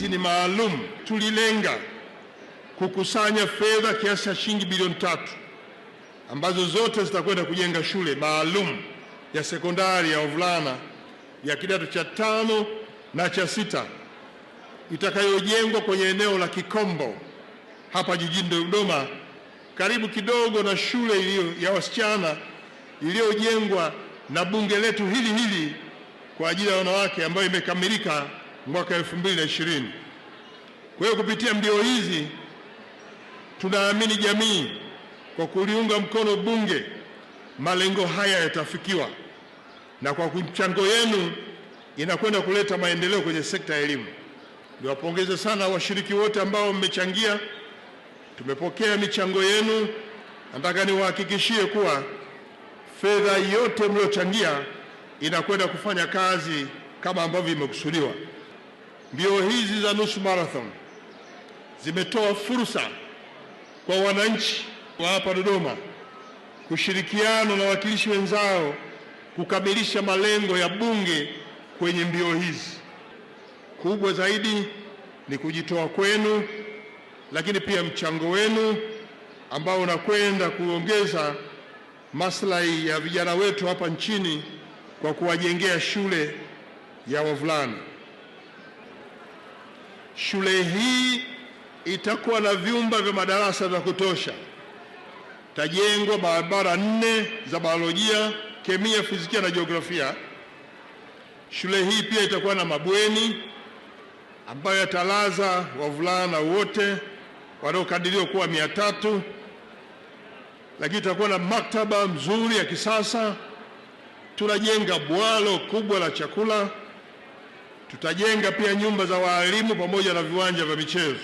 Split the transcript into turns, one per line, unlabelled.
hizi ni maalum. Tulilenga kukusanya fedha kiasi cha shilingi bilioni tatu ambazo zote zitakwenda kujenga shule maalum ya sekondari ya wavulana ya kidato cha tano na cha sita itakayojengwa kwenye eneo la Kikombo hapa jijini Dodoma, karibu kidogo na shule iliyo ya wasichana iliyojengwa na bunge letu hili hili kwa ajili ya wanawake ambayo imekamilika mwaka 2020. Kwa hiyo kupitia mbio hizi tunaamini jamii kwa kuliunga mkono bunge, malengo haya yatafikiwa, na kwa mchango yenu inakwenda kuleta maendeleo kwenye sekta ya elimu. Niwapongeze sana washiriki wote ambao mmechangia. Tumepokea michango yenu. Nataka niwahakikishie kuwa fedha yote mliochangia inakwenda kufanya kazi kama ambavyo imekusudiwa. Mbio hizi za nusu marathon zimetoa fursa kwa wananchi wa hapa Dodoma kushirikiana na wawakilishi wenzao kukamilisha malengo ya Bunge kwenye mbio hizi. Kubwa zaidi ni kujitoa kwenu, lakini pia mchango wenu ambao unakwenda kuongeza maslahi ya vijana wetu hapa nchini kwa kuwajengea shule ya wavulana. Shule hii itakuwa na vyumba vya madarasa vya kutosha. Tajengwa barabara nne za biolojia, kemia, fizikia na jiografia. Shule hii pia itakuwa na mabweni ambayo yatalaza wavulana wote wanaokadiriwa kuwa mia tatu, lakini itakuwa na maktaba mzuri ya kisasa. Tunajenga bwalo kubwa la chakula. Tutajenga pia nyumba za waalimu pamoja na viwanja vya michezo.